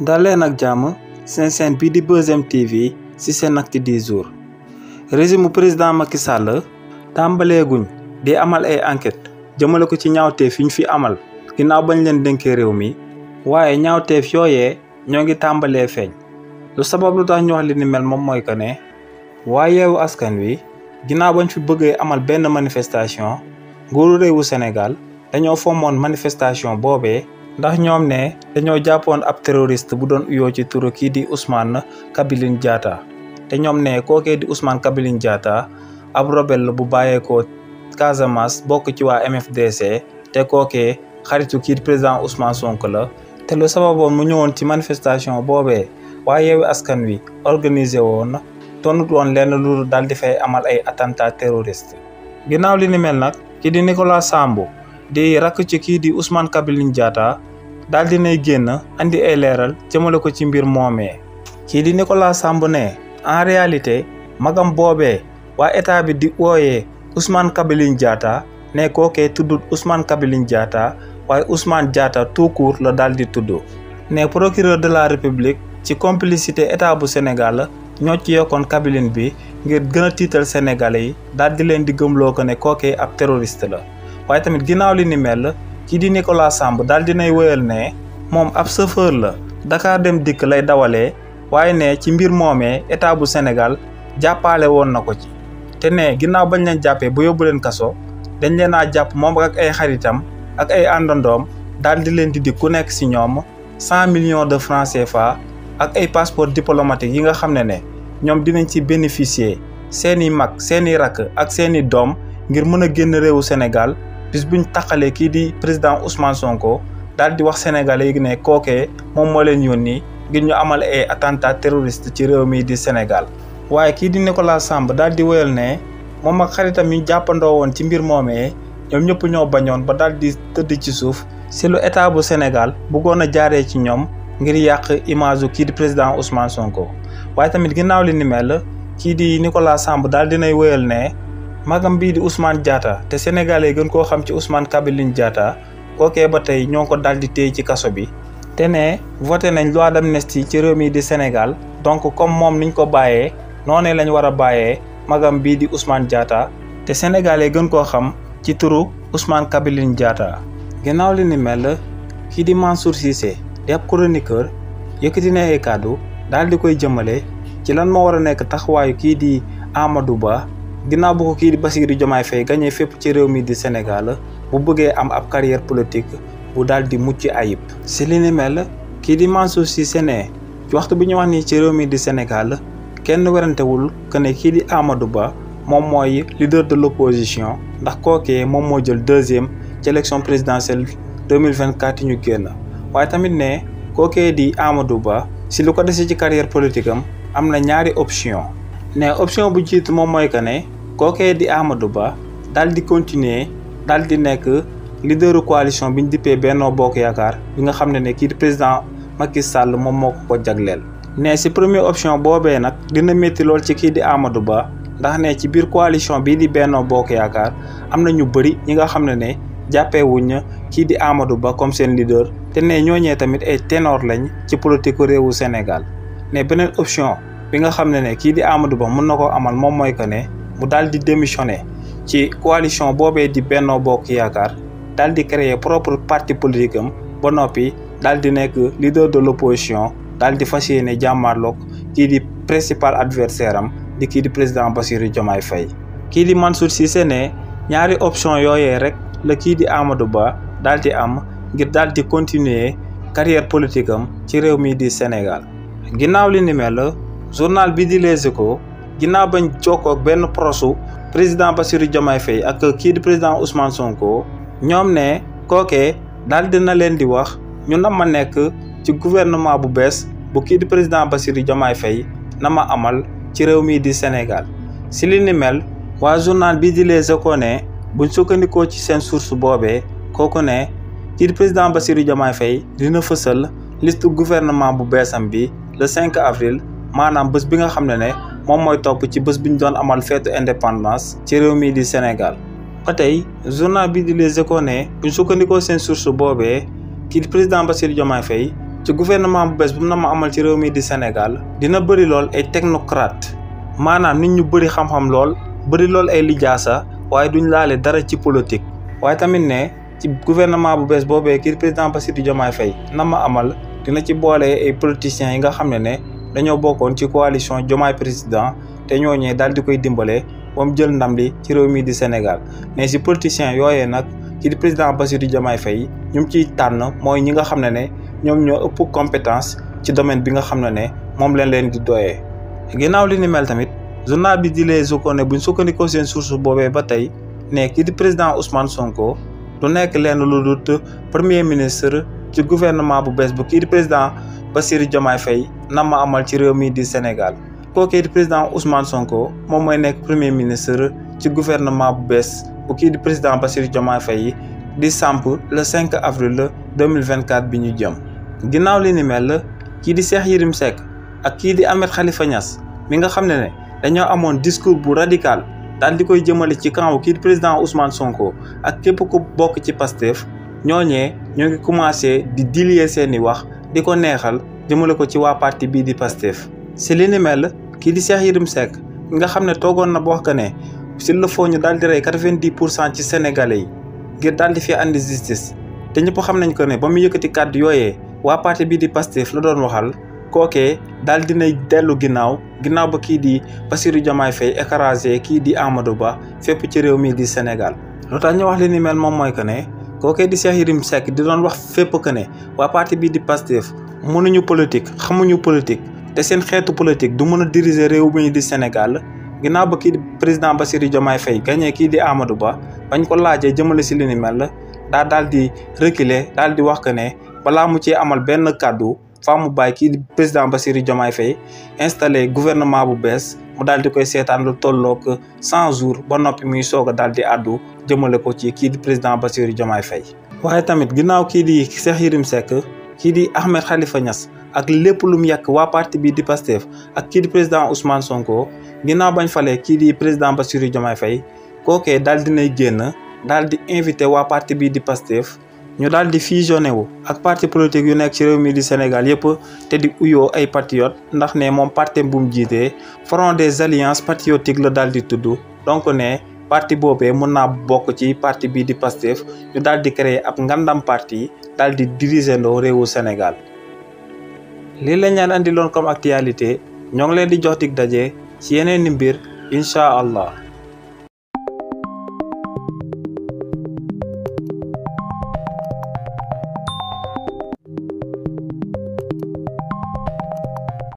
daleen ak jàmm seen seen bi di Buzz M TV ci seen acte du jour régime président Macky Sall tàmbaleeguñ di amal ay enquête jëmale ko ci ñaawteef yi ñu fi amal ginnaaw bañ leen dénkee réew mi waaye ñaawteef yooyee ñoo ngi tàmbalee feeñ lu sabab lu tax ñu ni mel moom mooy que ne waa yeewu askan wi ginnaaw bañ fi bëggee amal benn manifestation nguuru réewu Sénégal dañoo fommoon manifestation boobee ndax ñoom ne dañoo jàppoon ab terroriste bu doon uyoo ci turu kii di usmaan Kabiline jaata te ñoom ne kookee di Ousmane Kabiline jaata ab rebelle bu bàyyeekoo Casamance bokk ci waa MFDC te kookee xaritu kii président Ousmane Sonko la te lu sababoon mu ñëwoon ci manifestation boobee waaye Yewwi Askan Wi organisé woon doonut woon lenn lu dal di fay amal ay attentat terroriste ginnaaw li ni mel nag ki di Nicolas Sambou di rakk ci kii di Ousmane Kabiline Diatta daal nay génn andi ay leeral jëmale ko ci mbir moomee kii di Nicolas Samb ne en réalité magam boobee waa état bi di wooyee Ousmane Kabiline jaata ne kookee tuddul Ousmane Kabiline Diatta waaye Ousmane jaata tout court la daal di tudd ne procureur de la république ci complicité état bu Sénégal ñoo ci yokkoon Kabiline bi ngir gën tiital sénégalais yi daal di leen di gëmloo ko ne kookee ab terroriste la waaye tamit ginnaaw li ni mel kii di Nicolas Samb daal dinay wéyal ne moom ab chauffeur la Dakar dem dikk lay dawalee waaye ne ci mbir moomee état bu Sénégal jàppale woon na ko ci te ne ginnaaw bañ leen jàppee ba yóbbu leen kaso dañ leen jàpp moom ak ay xaritam ak ay àndandoom daal di leen di dig ku nekk si ñoom cent millions de francs CFA ak ay passeport diplomatique yi nga xam ne ne ñoom dinañ ci bénéficier seeni mag seeni rakk ak seeni doom ngir mën a génn réewu Sénégal bis buñ taqalee kii di président Ousmane Sonko daal di wax sénégalais yi ne kookee moom moo leen yónni ngir ñu amal ay attentat terroriste ci réew mii di Sénégal. waaye kii di Nicolas Samb daal di woyal ne moom ak xaritam yi jàppandoo woon ci mbir moomee ñoom ñëpp ñoo bañoon ba daal di tëdd ci suuf si lu état bu Sénégal bëggoon a jaaree ci ñoom ngir yàq image kii di président Ousmane Sonko waaye tamit ginnaaw li ni mel kii di Nicolas Samb daal dinay woyal ne. magam bii di Ousmane jaata te sénégalais gën koo xam ci Ousmane Kabiline Diatta kookee ba tey ñoo ko daldi di ci kaso bi te ne voté nañ loi d'amnistie ci réew mi di Sénégal donc comme moom niñ ko bàyyee noonee lañ war a bàyyee magam bii di Ousmane jaata te sénégalais gën koo xam ci turu Ousmane Kabiline jaata ginnaaw li ni mel kii di Mansour Cissé di ab chroniqueur yëkkati na ay kàddu daal di koy jëmale ci lan moo war a nekk taxawaayu kii di Amadou Ba ginnaaw bu ko kii di Bassirou Diomaye Faye gagné fépp ci réew mi di Sénégal bu bëggee am ab carrière politique bu daal di mucc ayib. si li ni mel kii di Mansour Cissé ne ci waxtu bi ñu wax nii ci réew mii di Sénégal kenn werantewul que ne kii di Amadou Ba moom mooy leader de l'opposition ndax kookee moom moo jël deuxième ci élection présidentielle 2024 ñu génn waaye tamit ne kookee di Amadou Ba si lu ko desee ci carrière politique am am na ñaari option ne option bu jiitu moom mooy que ne. kookee di Amadou Ba daal di continuer daal di nekk leaderu coalition bi ñu dippee Benno Bokk Yaakaar bi nga xam ne ne kii di président Macky Sall moom moo ko ko jagleel. ne si premier option boobee nag dina métti lool ci kii di Amadou Ba ndax ne ci biir coalition bii di Benno Bokk Yaakaar am na ñu bëri ñi nga xam ne ne jàppewuñ wuñ kii di Amadou Ba comme seen leader te ne ñooñee tamit ay ténor lañ ci politique réewu Sénégal ne beneen option bi nga xam ne ne kii di Amadou Ba mën na koo amal moom mooy que ne. mu daal di démissionné ci coalition boobee di Benno Bokk Yaakaar daal di créer propre parti politique am ba noppi daal di nekk leader de l'opposition daal di fas yéene jàmmarloog kii di principal adversaire am di kii di président Bassirou Diomaye fay kii di man Mansour si ne ñaari option yooyee rek la kii di Amadou Ba daal di am ngir daal di continuer carrière politique am ci réew mi di Sénégal ginnaaw li ni mel journal bi di Les Échos ginnaaw bañ jokkook benn prosu président Bassirou Diomaye Faye ak kii di président Ousmane Sonko ñoom ne kookee daal dina leen di wax ñu na ma nekk ci gouvernement bu bees bu kii di président Bassirou Diomaye Faye na ma amal ci réew mii di Sénégal si li ni mel waa journal bii di Les Échos buñ sukkandikoo ci seen su boobee kooku ne kii président Bassirou Diomaye Faye dina fësal liste gouvernement bu beesam bi le 5 avril maanaam bés bi nga xam ne ne moom mooy topp ci bés bi ñu doon amal feetu indépendance ci réew mii di Sénégal ba tey journal bi di Les Échos ne buñ sukkandikoo seen source boobee kii président Bassirou Diomaye Faye ci gouvernement bu bees bu na ma amal ci réew mii di Sénégal dina bëri lool ay technocrate maanaam nit ñu bëri xam-xam lool bëri lool ay lijaasa waaye duñ laale dara ci politique waaye tamit ne ci gouvernement bu bees boobee kii président Bassirou Diomaye Faye na ma amal dina ci boole ay politiciens yi nga xam ne ne dañoo bokkoon ci coalition Diomaye président te ñooñee daal di koy dimbale ba jël ndam li ci réew mii di Sénégal mais si politiciens yooyee nag ci di président Bassirou Diomaye Faye ñu mu ciy tànn mooy ñi nga xam ne ne ñoom ñoo ëpp compétence ci domaine bi nga xam ne ne moom leen leen di doyee. ginnaaw li ni mel tamit journal bi di Les Échos ne buñ sukkandikoo seen su boobee ba tey ne kii di président Ousmane Sonko du nekk leen lu dut premier ministre ci gouvernement bu bees bu kii président Bassirou Diomaye Faye n'a ma amal ci réew mi di Sénégal kookee di président Ousmane Sonko moom mooy nekk premier ministre ci gouvernement bu bees bu kii di président Bassirou Diomaye Faye di samp le 5 avril 2024 bi ñu jëm ginnaaw li ni mel kii di Cheikh yirim Seck ak kii di Ahmed Khalifa Niass mi nga xam ne ne dañoo amoon discours bu radical daal di koy jëmale ci camp kii di président Ousmane Sonko ak képp ko bokk ci Pastef ñooñee ñoo ngi commencé di diluer seeni wax di ko neexal jëmale ko ci waa parti bii di Pastef si li ni mel kii di Cheikh Yérim Seck nga xam ne toogoon na boo xam ne s'il le faut ñu daal di rey quatre pour cent ci sénégalais yi ngir daal fi andi justice te ñëpp xam nañ ko ne ba mu yëkkati kàddu yooyee waa parti bii di Pastef la doon waxal kooke daal dinay dellu ginnaaw ginnaaw ba kii di Bassirou Diomaye Faye écrasé kii di Amadou Ba fépp ci réew mi di Sénégal lu tax ñu wax li ni mel moom mooy que ne. kookee di Cheikh Yérim Seck di doon wax fépp que ne waa parti bii di Pastef mënuñu politique xamuñu politique te seen xeetu politique du mën a diriger réew ñu di Sénégal ginnaaw ba kii di président Bassirou Diomaye fay gagné kii di amadu Ba bañ ko laajee jëmale si li ni mel daa daal di reculer daal di wax que ne balaa mu ci amal benn kàddu faa mu bàyyi kii président Bassirou Diomaye fay installé gouvernement bu bees mu daal di koy seetaan lu tolloog cent jours ba noppi muy soog a daal di àddu jëmale ko ci kii di président Bassirou Diomaye fay waaye tamit ginnaaw kii di Cheikh Yérim Seck kii di Ahmed Khalifa Niass ak lépp lu mu yàq waa parti bii di Pastef ak kii di président Ousmane Sonko ginnaaw bañ falee kii di président Bassirou Diomaye fay kookee daal dinay génn daal di invité waa parti bi di Pastef ñu daal di fusionné wu ak parti politique yu nekk ci réew mii di Sénégal yépp te di uyoo ay patriotes ndax ne moom parti bu mu jiitee front des alliances patriotiques la daal di tudd donc ne parti boobee mën naa bokk ci parti bii di Pastef ñu daal di créer ab ngandam parti daal di diriger ndoo réewu Sénégal. lii la ñaan andi loon comme actualité ñoo ngi leen di jox dig daje ci yeneen i mbir incha allah.